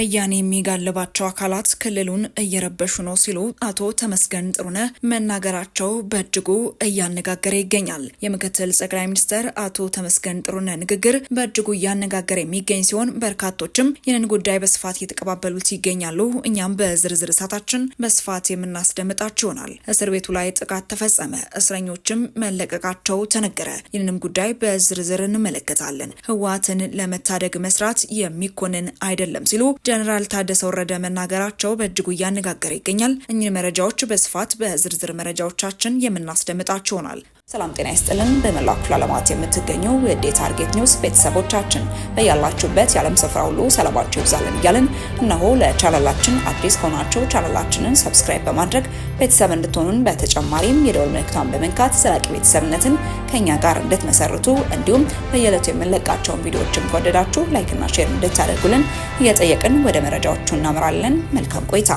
ወያኔ የሚጋልባቸው አካላት ክልሉን እየረበሹ ነው ሲሉ አቶ ተመስገን ጥሩነህ መናገራቸው በእጅጉ እያነጋገረ ይገኛል። የምክትል ጠቅላይ ሚኒስትር አቶ ተመስገን ጥሩነህ ንግግር በእጅጉ እያነጋገረ የሚገኝ ሲሆን በርካቶችም ይህንን ጉዳይ በስፋት እየተቀባበሉት ይገኛሉ። እኛም በዝርዝር እሳታችን በስፋት የምናስደምጣችሁ ይሆናል። እስር ቤቱ ላይ ጥቃት ተፈጸመ፣ እስረኞችም መለቀቃቸው ተነገረ። ይህንም ጉዳይ በዝርዝር እንመለከታለን። ህወሓትን ለመታደግ መስራት የሚኮንን አይደለም ሲሉ ጀነራል ታደሰ ወረደ መናገራቸው በእጅጉ እያነጋገረ ይገኛል። እኚህ መረጃዎች በስፋት በዝርዝር መረጃዎቻችን የምናስደምጣቸው ይሆናል። ሰላም ጤና ይስጥልን። በመላው ክፍለ ዓለማት የምትገኙ የዴ ታርጌት ኒውስ ቤተሰቦቻችን በያላችሁበት የዓለም ስፍራ ሁሉ ሰላማችሁ ይብዛልን እያልን እነሆ ለቻናላችን አዲስ ከሆናችሁ ቻናላችንን ሰብስክራይብ በማድረግ ቤተሰብ እንድትሆኑን፣ በተጨማሪም የደወል ምልክቷን በመንካት ዘላቂ ቤተሰብነትን ከእኛ ጋር እንድትመሰርቱ እንዲሁም በየዕለቱ የምንለቃቸውን ቪዲዮዎችን ከወደዳችሁ ላይክና ሼር እንድታደርጉልን እየጠየቅን ወደ መረጃዎቹ እናምራለን። መልካም ቆይታ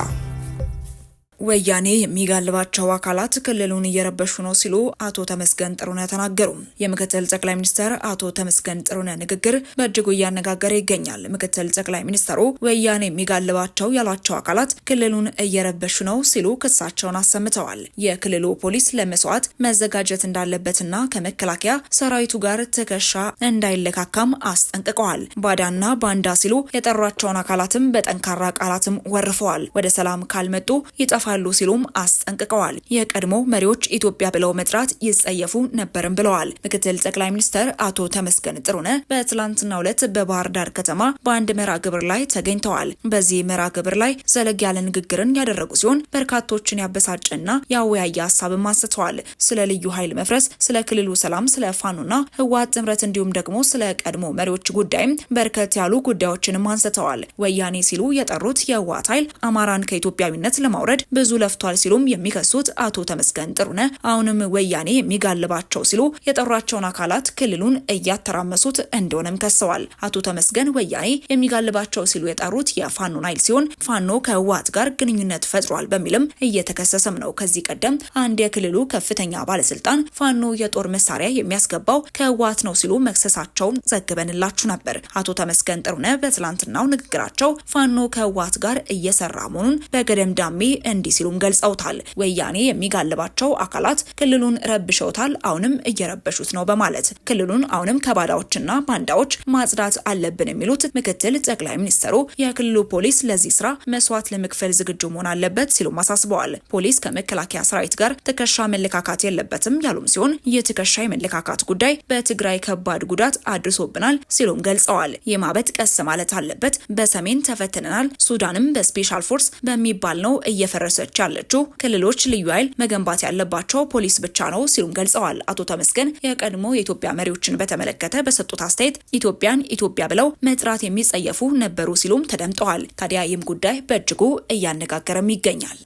ወያኔ የሚጋልባቸው አካላት ክልሉን እየረበሹ ነው ሲሉ አቶ ተመስገን ጥሩነህ ተናገሩ። የምክትል ጠቅላይ ሚኒስትር አቶ ተመስገን ጥሩነህ ንግግር በእጅጉ እያነጋገረ ይገኛል። ምክትል ጠቅላይ ሚኒስትሩ ወያኔ የሚጋልባቸው ያሏቸው አካላት ክልሉን እየረበሹ ነው ሲሉ ክሳቸውን አሰምተዋል። የክልሉ ፖሊስ ለመስዋዕት መዘጋጀት እንዳለበትና ከመከላከያ ሰራዊቱ ጋር ትከሻ እንዳይለካካም አስጠንቅቀዋል። ባዳና ባንዳ ሲሉ የጠሯቸውን አካላትም በጠንካራ ቃላትም ወርፈዋል። ወደ ሰላም ካልመጡ ይጠፋል ይገባሉ ሲሉም አስጠንቅቀዋል። የቀድሞ መሪዎች ኢትዮጵያ ብለው መጥራት ይጸየፉ ነበርም ብለዋል። ምክትል ጠቅላይ ሚኒስትር አቶ ተመስገን ጥሩነህ በትላንትናው ዕለት በባህር ዳር ከተማ በአንድ መርሃ ግብር ላይ ተገኝተዋል። በዚህ መርሃ ግብር ላይ ዘለግ ያለ ንግግርን ያደረጉ ሲሆን በርካቶችን ያበሳጨና ያወያየ ሀሳብም አንስተዋል። ስለ ልዩ ኃይል መፍረስ፣ ስለ ክልሉ ሰላም፣ ስለ ፋኖና ህወሓት ጥምረት እንዲሁም ደግሞ ስለ ቀድሞ መሪዎች ጉዳይም በርከት ያሉ ጉዳዮችንም አንስተዋል። ወያኔ ሲሉ የጠሩት የህወሓት ኃይል አማራን ከኢትዮጵያዊነት ለማውረድ ብዙ ለፍቷል ሲሉም የሚከሱት አቶ ተመስገን ጥሩነ አሁንም ወያኔ የሚጋልባቸው ሲሉ የጠሯቸውን አካላት ክልሉን እያተራመሱት እንደሆነም ከሰዋል። አቶ ተመስገን ወያኔ የሚጋልባቸው ሲሉ የጠሩት የፋኖን ኃይል ሲሆን ፋኖ ከህወሓት ጋር ግንኙነት ፈጥሯል በሚልም እየተከሰሰም ነው። ከዚህ ቀደም አንድ የክልሉ ከፍተኛ ባለስልጣን ፋኖ የጦር መሳሪያ የሚያስገባው ከህወሓት ነው ሲሉ መክሰሳቸውን ዘግበንላችሁ ነበር። አቶ ተመስገን ጥሩነ በትላንትናው ንግግራቸው ፋኖ ከህወሓት ጋር እየሰራ መሆኑን በገደም ዳሜ እንዲ ሲሉም ገልጸውታል። ወያኔ የሚጋልባቸው አካላት ክልሉን ረብሸውታል፣ አሁንም እየረበሹት ነው በማለት ክልሉን አሁንም ከባዳዎችና ባንዳዎች ማጽዳት አለብን የሚሉት ምክትል ጠቅላይ ሚኒስትሩ የክልሉ ፖሊስ ለዚህ ስራ መስዋዕት ለመክፈል ዝግጁ መሆን አለበት ሲሉም አሳስበዋል። ፖሊስ ከመከላከያ ሰራዊት ጋር ትከሻ መለካካት የለበትም ያሉም ሲሆን የትከሻ የመለካካት ጉዳይ በትግራይ ከባድ ጉዳት አድርሶብናል ሲሉም ገልጸዋል። የማበት ቀስ ማለት አለበት። በሰሜን ተፈትነናል፣ ሱዳንም በስፔሻል ፎርስ በሚባል ነው እየፈረሰ እያደረሰች ያለችው ክልሎች ልዩ ኃይል መገንባት ያለባቸው ፖሊስ ብቻ ነው ሲሉም ገልጸዋል። አቶ ተመስገን የቀድሞ የኢትዮጵያ መሪዎችን በተመለከተ በሰጡት አስተያየት ኢትዮጵያን ኢትዮጵያ ብለው መጥራት የሚጸየፉ ነበሩ ሲሉም ተደምጠዋል። ታዲያ ይህም ጉዳይ በእጅጉ እያነጋገረም ይገኛል።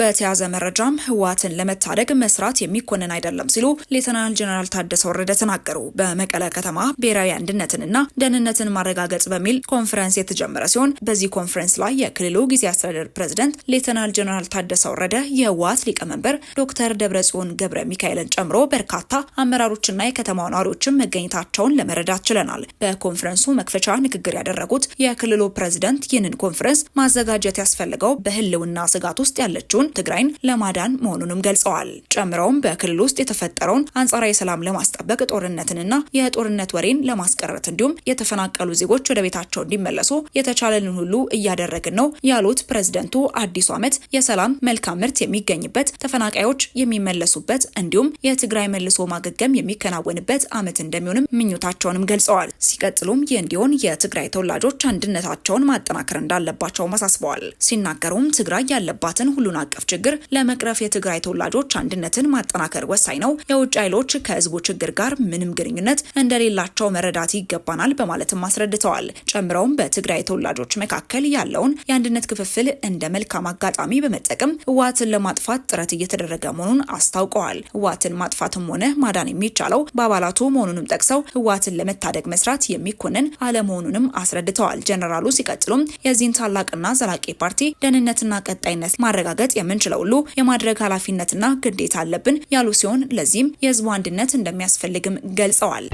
በተያዘ መረጃም ህወሓትን ለመታደግ መስራት የሚኮንን አይደለም ሲሉ ሌተናል ጀነራል ታደሰ ወረደ ተናገሩ። በመቀለ ከተማ ብሔራዊ አንድነትንና ደህንነትን ማረጋገጥ በሚል ኮንፈረንስ የተጀመረ ሲሆን በዚህ ኮንፈረንስ ላይ የክልሉ ጊዜ አስተዳደር ፕሬዝደንት ሌተናል ጀነራል ታደሰ ወረደ፣ የህወሓት ሊቀመንበር ዶክተር ደብረጽዮን ገብረ ሚካኤልን ጨምሮ በርካታ አመራሮችና የከተማው ነዋሪዎችን መገኘታቸውን ለመረዳት ችለናል። በኮንፈረንሱ መክፈቻ ንግግር ያደረጉት የክልሉ ፕሬዝደንት ይህንን ኮንፈረንስ ማዘጋጀት ያስፈልገው በህልውና ስጋት ውስጥ ያለችው እቅዱን ትግራይን ለማዳን መሆኑንም ገልጸዋል። ጨምረውም በክልል ውስጥ የተፈጠረውን አንጻራዊ ሰላም ለማስጠበቅ ጦርነትንና የጦርነት ወሬን ለማስቀረት እንዲሁም የተፈናቀሉ ዜጎች ወደ ቤታቸው እንዲመለሱ የተቻለንን ሁሉ እያደረግን ነው ያሉት ፕሬዝደንቱ አዲሱ ዓመት የሰላም መልካም ምርት የሚገኝበት ተፈናቃዮች የሚመለሱበት እንዲሁም የትግራይ መልሶ ማገገም የሚከናወንበት ዓመት እንደሚሆንም ምኞታቸውንም ገልጸዋል። ሲቀጥሉም ይህ እንዲሆን የትግራይ ተወላጆች አንድነታቸውን ማጠናከር እንዳለባቸውም አሳስበዋል። ሲናገሩም ትግራይ ያለባትን ሁሉን አቀፍ ችግር ለመቅረፍ የትግራይ ተወላጆች አንድነትን ማጠናከር ወሳኝ ነው። የውጭ ኃይሎች ከህዝቡ ችግር ጋር ምንም ግንኙነት እንደሌላቸው መረዳት ይገባናል በማለትም አስረድተዋል። ጨምረውም በትግራይ ተወላጆች መካከል ያለውን የአንድነት ክፍፍል እንደ መልካም አጋጣሚ በመጠቀም ህወሓትን ለማጥፋት ጥረት እየተደረገ መሆኑን አስታውቀዋል። ህወሓትን ማጥፋትም ሆነ ማዳን የሚቻለው በአባላቱ መሆኑንም ጠቅሰው ህወሓትን ለመታደግ መስራት የሚኮንን አለመሆኑንም አስረድተዋል። ጀነራሉ ሲቀጥሉም የዚህን ታላቅና ዘላቂ ፓርቲ ደህንነትና ቀጣይነት ማረጋገጥ የምንችለው ሁሉ የማድረግ ኃላፊነትና ግዴታ አለብን ያሉ ሲሆን ለዚህም የህዝቡ አንድነት እንደሚያስፈልግም ገልጸዋል።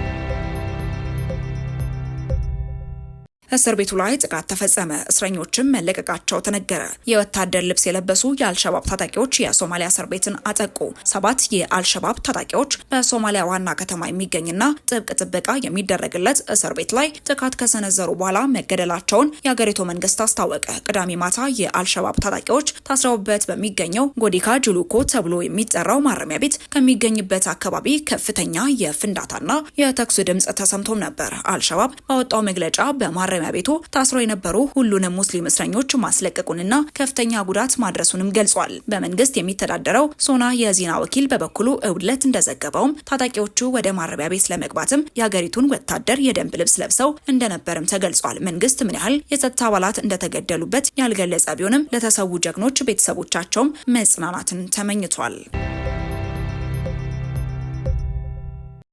እስር ቤቱ ላይ ጥቃት ተፈጸመ። እስረኞችም መለቀቃቸው ተነገረ። የወታደር ልብስ የለበሱ የአልሸባብ ታጣቂዎች የሶማሊያ እስር ቤትን አጠቁ። ሰባት የአልሸባብ ታጣቂዎች በሶማሊያ ዋና ከተማ የሚገኝና ጥብቅ ጥበቃ የሚደረግለት እስር ቤት ላይ ጥቃት ከሰነዘሩ በኋላ መገደላቸውን የአገሪቱ መንግስት አስታወቀ። ቅዳሜ ማታ የአልሸባብ ታጣቂዎች ታስረውበት በሚገኘው ጎዲካ ጁሉኮ ተብሎ የሚጠራው ማረሚያ ቤት ከሚገኝበት አካባቢ ከፍተኛ የፍንዳታና የተኩስ ድምፅ ተሰምቶም ነበር። አልሸባብ ባወጣው መግለጫ በማረ ማረሚያ ቤቱ ታስሮ የነበሩ ሁሉንም ሙስሊም እስረኞች ማስለቀቁንና ከፍተኛ ጉዳት ማድረሱንም ገልጿል። በመንግስት የሚተዳደረው ሶና የዜና ወኪል በበኩሉ እውድለት እንደዘገበውም ታጣቂዎቹ ወደ ማረሚያ ቤት ለመግባትም የሀገሪቱን ወታደር የደንብ ልብስ ለብሰው እንደነበርም ተገልጿል። መንግስት ምን ያህል የጸጥታ አባላት እንደተገደሉበት ያልገለጸ ቢሆንም ለተሰዉ ጀግኖች ቤተሰቦቻቸውም መጽናናትን ተመኝቷል።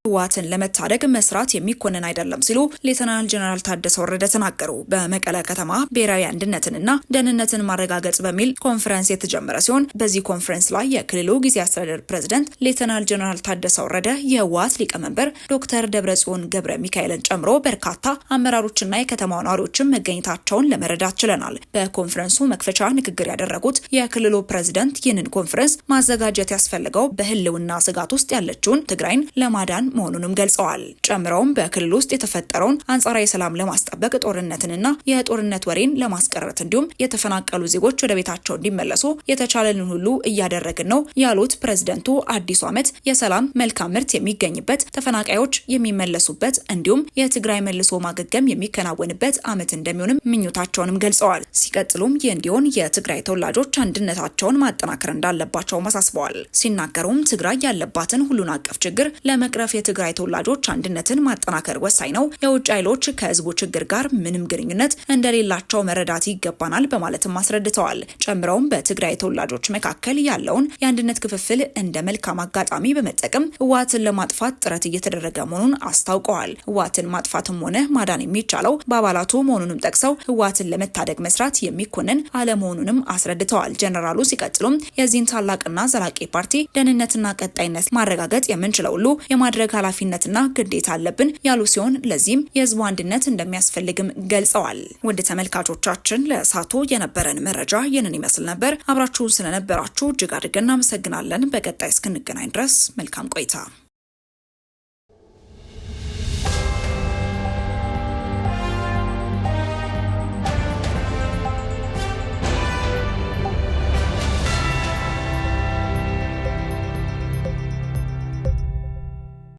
ህወሓትን ለመታደግ መስራት የሚኮንን አይደለም ሲሉ ሌተናል ጀነራል ታደሰ ወረደ ተናገሩ። በመቀለ ከተማ ብሔራዊ አንድነትንና ደህንነትን ማረጋገጥ በሚል ኮንፈረንስ የተጀመረ ሲሆን በዚህ ኮንፈረንስ ላይ የክልሉ ጊዜ አስተዳደር ፕሬዝደንት ሌተናል ጀነራል ታደሰ ወረደ፣ የህወሓት ሊቀመንበር ዶክተር ደብረጽዮን ገብረ ሚካኤልን ጨምሮ በርካታ አመራሮችና የከተማው ነዋሪዎችን መገኘታቸውን ለመረዳት ችለናል። በኮንፈረንሱ መክፈቻ ንግግር ያደረጉት የክልሉ ፕሬዝደንት ይህንን ኮንፈረንስ ማዘጋጀት ያስፈልገው በህልውና ስጋት ውስጥ ያለችውን ትግራይን ለማዳን መሆኑንም ገልጸዋል። ጨምረውም በክልል ውስጥ የተፈጠረውን አንጻራዊ ሰላም ለማስጠበቅ ጦርነትንና የጦርነት ወሬን ለማስቀረት እንዲሁም የተፈናቀሉ ዜጎች ወደ ቤታቸው እንዲመለሱ የተቻለንን ሁሉ እያደረግን ነው ያሉት ፕሬዝደንቱ አዲሱ ዓመት የሰላም መልካም ምርት የሚገኝበት ተፈናቃዮች የሚመለሱበት እንዲሁም የትግራይ መልሶ ማገገም የሚከናወንበት ዓመት እንደሚሆንም ምኞታቸውንም ገልጸዋል። ሲቀጥሉም ይህ እንዲሆን የትግራይ ተወላጆች አንድነታቸውን ማጠናከር እንዳለባቸውም አሳስበዋል። ሲናገሩም ትግራይ ያለባትን ሁሉን አቀፍ ችግር ለመቅረፍ የትግራይ ተወላጆች አንድነትን ማጠናከር ወሳኝ ነው። የውጭ ኃይሎች ከህዝቡ ችግር ጋር ምንም ግንኙነት እንደሌላቸው መረዳት ይገባናል በማለትም አስረድተዋል። ጨምረውም በትግራይ ተወላጆች መካከል ያለውን የአንድነት ክፍፍል እንደ መልካም አጋጣሚ በመጠቀም ህወሓትን ለማጥፋት ጥረት እየተደረገ መሆኑን አስታውቀዋል። ህወሓትን ማጥፋትም ሆነ ማዳን የሚቻለው በአባላቱ መሆኑንም ጠቅሰው ህወሓትን ለመታደግ መስራት የሚኮንን አለመሆኑንም አስረድተዋል። ጀነራሉ ሲቀጥሉም የዚህን ታላቅና ዘላቂ ፓርቲ ደህንነትና ቀጣይነት ማረጋገጥ የምንችለው ሁሉ የማድረግ የህግ ኃላፊነትና ግዴታ አለብን ያሉ ሲሆን ለዚህም የህዝቡ አንድነት እንደሚያስፈልግም ገልጸዋል። ውድ ተመልካቾቻችን ለእሳቱ የነበረን መረጃ ይህንን ይመስል ነበር። አብራችሁን ስለነበራችሁ እጅግ አድርገን እናመሰግናለን። በቀጣይ እስክንገናኝ ድረስ መልካም ቆይታ